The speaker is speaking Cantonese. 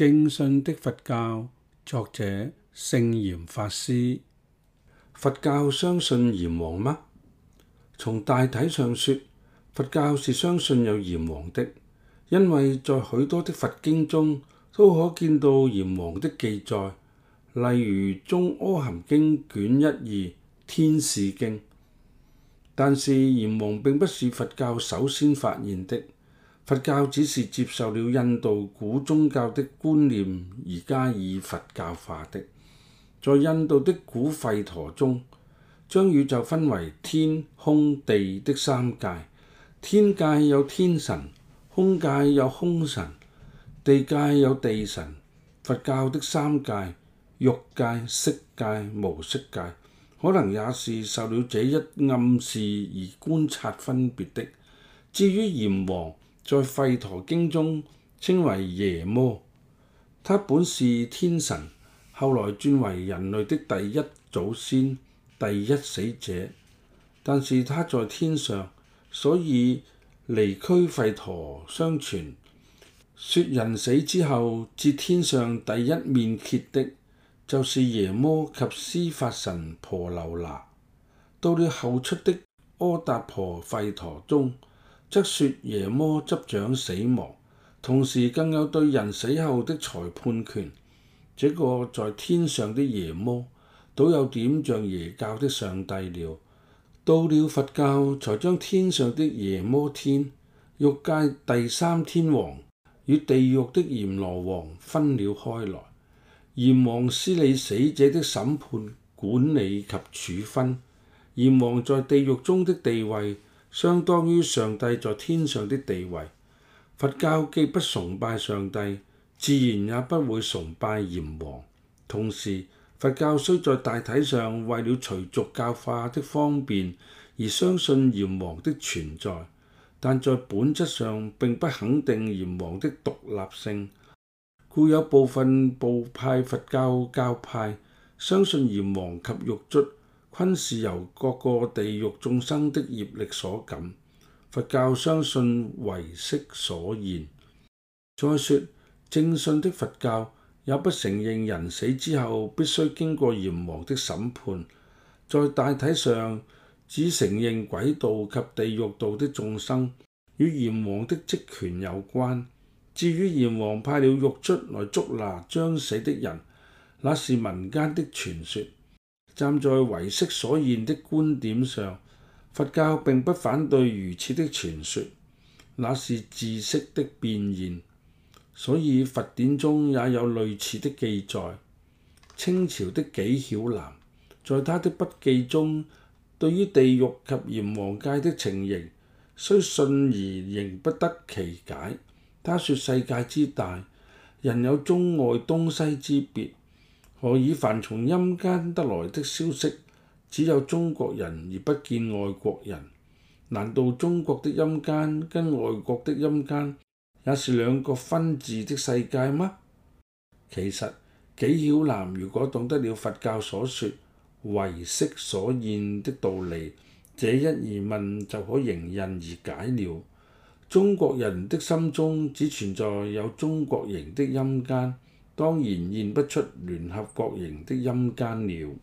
正信的佛教，作者聖嚴法師。佛教相信閻王嗎？從大體上說，佛教是相信有閻王的，因為在許多的佛經中都可見到閻王的記載，例如《中阿含經》卷一二《天使經》。但是閻王並不是佛教首先發現的。佛教只是接受了印度古宗教的觀念而加以佛教化的，在印度的古吠陀中，將宇宙分為天、空、地的三界，天界有天神，空界有空神，地界有地神。佛教的三界，欲界、色界、無色界，可能也是受了這一暗示而觀察分別的。至於閻王，在吠陀經中稱為耶摩，他本是天神，後來轉為人類的第一祖先、第一死者。但是他在天上，所以梨俱吠陀相傳，說人死之後，至天上第一面見的就是耶摩及司法神婆流拿。到了後出的阿達婆吠陀中，則說夜摩執掌死亡，同時更有對人死後的裁判權。這個在天上的夜摩，倒有點像耶教的上帝了。到了佛教，才將天上的夜摩天欲界第三天王與地獄的閻羅王分了開來。閻王司理死者的審判、管理及處分。閻王在地獄中的地位。相當於上帝在天上的地位，佛教既不崇拜上帝，自然也不會崇拜閻王。同時，佛教雖在大體上為了隨俗教化的方便而相信閻王的存在，但在本質上並不肯定閻王的獨立性，故有部分部派佛教教派相信閻王及獄卒。均是由各個地獄眾生的業力所感。佛教相信唯識所現。再說，正信的佛教也不承認人死之後必須經過閻王的審判，在大體上只承認鬼道及地獄道的眾生與閻王的職權有關。至於閻王派了獄卒來捉拿將死的人，那是民間的傳說。站在唯識所現的觀點上，佛教並不反對如此的傳說，那是知識的變現，所以佛典中也有類似的記載。清朝的紀曉嵐在他的筆記中，對於地獄及閻王界的情形，雖信而仍不得其解。他說，世界之大，人有中外東西之別。何以凡從陰間得來的消息，只有中國人而不見外國人？難道中國的陰間跟外國的陰間也是兩個分治的世界嗎？其實，紀曉嵐如果懂得了佛教所說唯識所現的道理，這一疑問就可迎刃而解了。中國人的心中只存在有中國型的陰間。當然現不出聯合國型的陰間了。